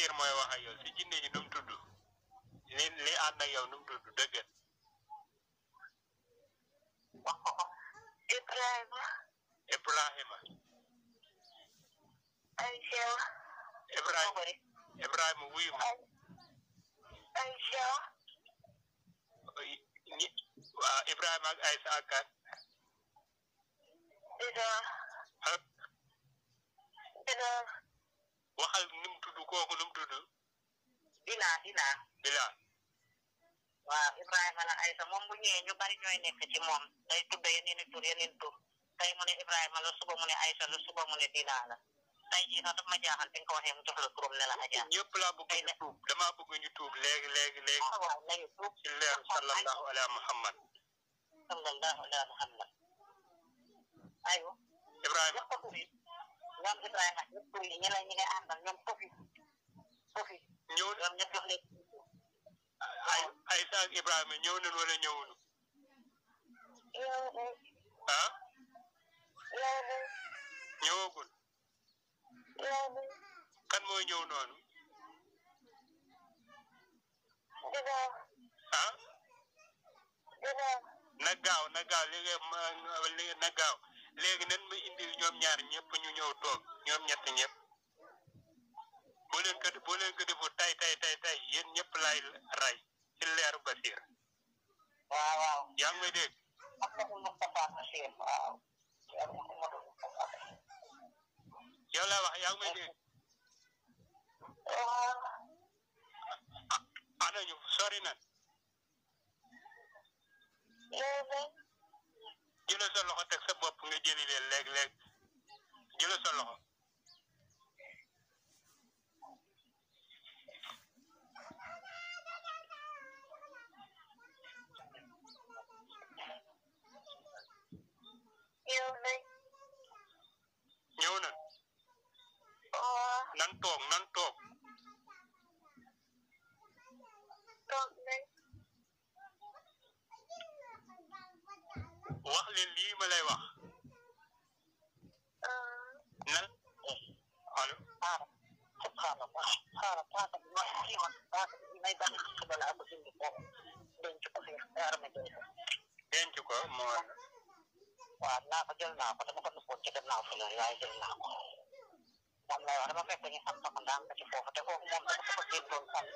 Basiir mooy wax ak si jinne yi nu mu tudd li li ànd ak yow nu mu tudd dëgg wax ko ko Ibrahima Ibrahima Aïcha Ibrahima Ibrahima wuyu ma Aïcha waaw Ibrahima ak Aïcha ak kan Ida Ida waxal tudd kooku nu mu tudd. Dila Dila. Dila. waaw Ibrahima la Aysa moom bu ñëwee ñu bari ñooy nekk ci moom day tudd yeneen i tur yeneen tur tey mu ne Ibrahima la suba mu ne Aysa la suba mu ne Dila la tey jii sax dafa ma jaaxal bi nga ko waxee mu jox la turam ne la Adja. ñëpp laa bëgg ñu tuub damaa bëgg ñu tuub léegi léegi léegi. Ah, waaw waaw nañu tuub ci leer sallallahu ala muhammad. sallallahu ala muhammad. aywa. Ibrahima ñu ne ñu ngi àndal ñoom ok ñëw na ay ay saag Ibrahima ñëw nañ wala ñëwuñu. ah. ñëwagul. kan mooy ñëw noonu. na gaaw na gaaw léegi ma na gaaw léegi nan ma indil ñoom ñaar ñëpp ñu ñëw toog ñoom ñett ñëpp. boo leen ko boo leen tay tay tay tay yéen ñëpp laay rey ci leeru Basiir. waaw waaw yaa ngi may dégg. yow laa wax yaa ah, sori na. jëlee sa loxo te sa bopp nga jëli leen léeg-léeg jëlee loxo. ñëw nañ. ñëw nañ. waaw. nan toog nan toog. toog nañ. wax leen lii ma lay wax. nan. allo. denc ko moo waat naa ko jël naa ko dama ko duggoon ci gannaaw fi loolu waaye jël naa ko moom lay wax dama fekk ñu am ko ci foofu te foofu ko géntoon fan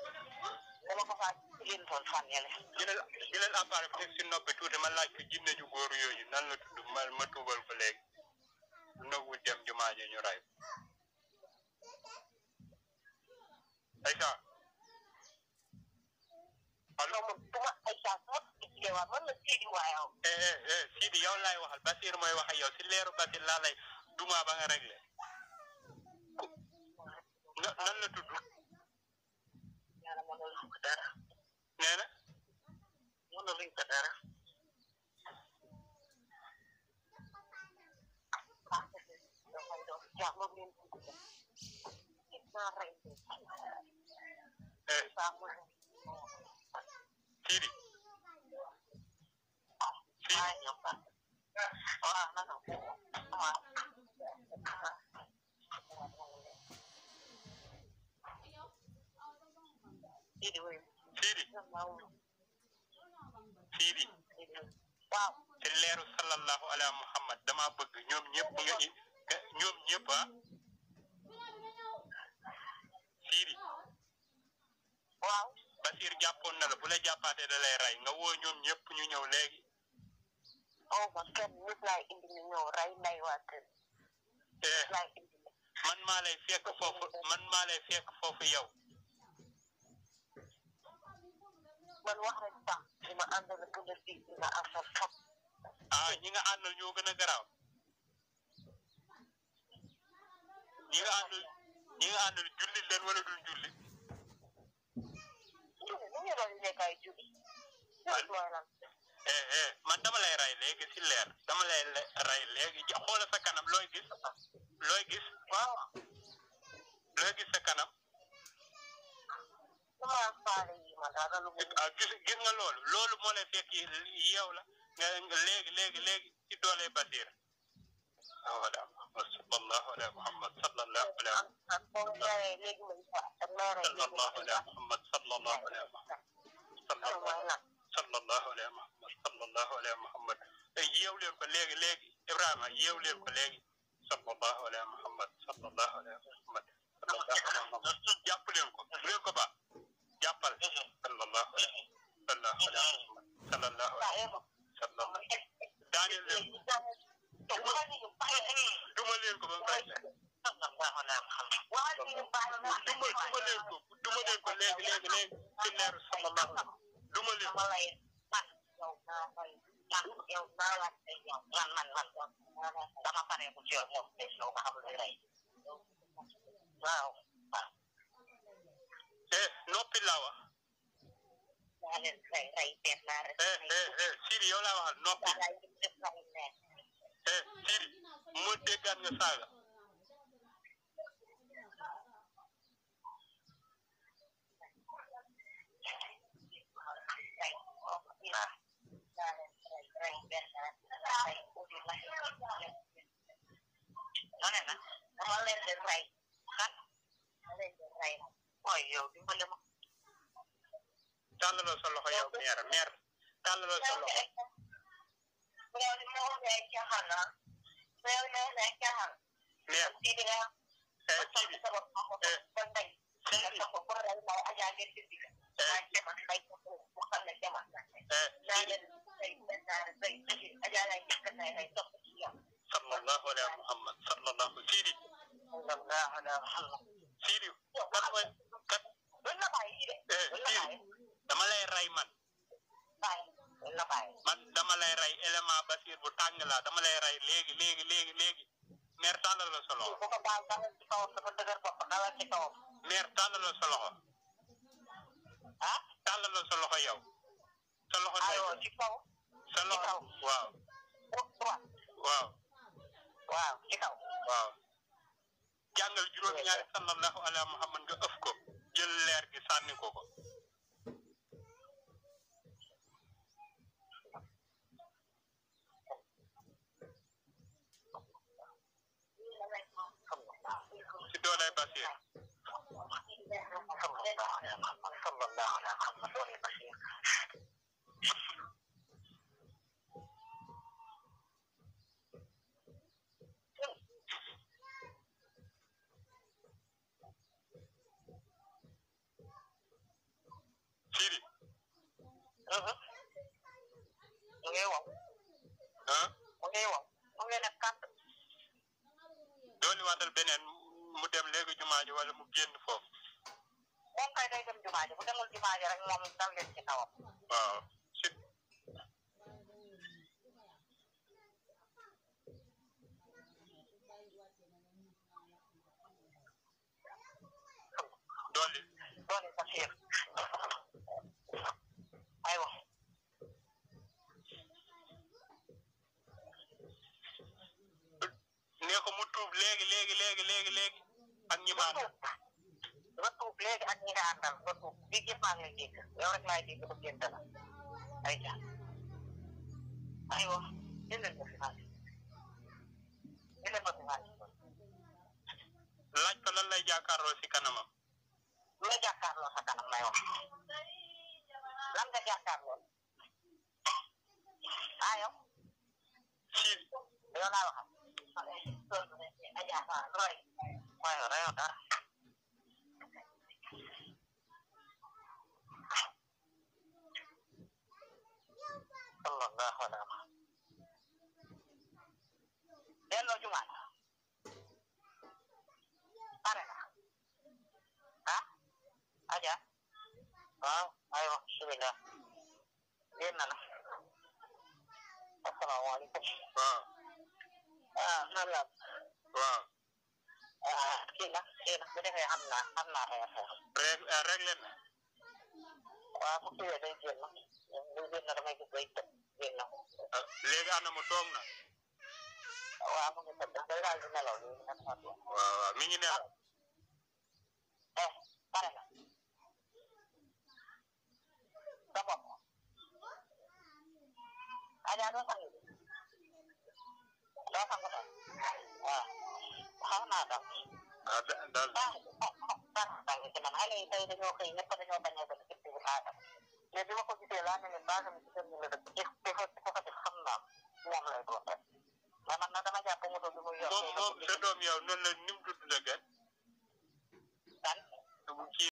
ko faa géntoon fan yële. jëlal jëlal appareil bi si noppi tuuti ma laaj ko jinne ju góor yooyu nan la tudd ma ma tuubal ko léegi ndogu dem jumaa ji ñu ray Aïcha allo. Sidi waaw man la eh, Sidi eh, waaw. Sidi yow laay mooy wax si leeru Basir laa lay duma ba nga réglé. nan la tudd. nee na. mënaluñ ko Sidi Sidi waaw te leeru sallallahu ala muhammad dama bëgg ñoom ñëpp nga ñoom ñëpp ah Sidi waaw Basir jàppoon na la bu la jàppaatee da lay rey nga woo ñoom ñëpp ñu ñëw léegi oh man kenn nit laay eh. maa lay fekk foofu man maa lay fekk foofu yow man wax rek sax ma àndal ah, ñi nga àndal ñoo gën a garaaw. ñi nga àndal julli leen wala duñ julli. julli nu eh, eh, man dama lay rey léegi si leer dama lay rey léegi xoolal sa kanam looy gis. looy gis. looy gis sa kanam. commence faale yi ma dara lu ah gis gis nga loolu loolu moo lay fekk yow la nga nga léegi léegi léegi ci doole Basiir wala sallallahu ala Muhammad sallallahu ala sallallahu ala Muhammad sallallahu ala Muhammad sallallahu ala Muhammad sallallahu ala Muhammad yeew leen ko léegi léegi Ibrahima yeew leen ko léegi sallallahu ala Muhammad sallallahu ala Muhammad jàpp leen ko leen ko ba jàppal sallallahu alayhi sallallahu alayhi sallallahu daaneel leen duma leen ko ba mu fay duma duma leen ko duma leen ko léegi léegi léegi ci leeru sallallahu duma leen ko waaw noppi laa wax. daa leen rey rey benn eh, laa eh, rek. Eh, Siri yow laa waxal noppi. Siri mu déggaat nga saaga. Oye, yo, dígale más. tàllaloo sa loxo yow meer meer tàllaloo sa loxo. meer Sidi sallallahu ala muhammad sallallahu Sidi Sidi dama lay rey man. man dama lay rey élément Basiir bu tàng laa dama lay rey léegi léegi léegi léegi meer tàllal la sa loxo. meer tàllal la sa loxo. ah tàllal la sa loxo yow. sa loxo ndeyjoor ci kaw. sa loxo waaw. waaw. waaw ci kaw. waaw. jàngal juróomi ñaari sallallahu ala ko jël leer gi sànni ko ko. baax la xam na doole Basiir Sidi mu ngi waw ah mu ngi waw mu ngi beneen mu dem léegi jumaa ji wala mu génn foofu koy day dem jumaa ji bu demul jumaa si. doole. doole Basiir. aywa. nee ko mu tuub léegi léegi dafa tuub léegi ak ñi nga àndal dafa tuub bii yëpp maa ngi lay dégg yow rek laay dégg ba gént la ay ja aywa jëndal ma fi xaalis jëndal ma fi xaalis laaj ko lan lay jàkkaarloo si kanamam lu la jàkkaarloo sa kanam lay wax lan nga jàkkaarloo ah yow si yow laa waxal sallallahu alaihi wa sallam delloo jumaat pare na ah aja waaw aywa bismillah génn na asalaamaaleykum waaw ah man la waaw ah kii la kii la bu defee xam naa xam naa reer reer reer leen na waaw bu kiiwee day génn day génn damay gis day tëb génn ko. léegi ana mu toog na. waaw mu ngi tëdd day daal di nelaw léegi nag ma toog. waaw waaw mi ngi nelaw. eh pare na. sa bopp. Adja doo sangu bi. doo sangu tey. waaw. xaw naa daw. ah da daal. ah ah, ah, ah xale yi tey dañoo xëy ñëpp dañoo bañ a dem ci biir mais bi ma ko gisee laa ne leen si kër gi la dëkk ci fa ci fa xam naa moom lay doon rek mais man nag dama jàpp moto bi muy yor. moom moom sa doom yow noonu la ni mu tudd la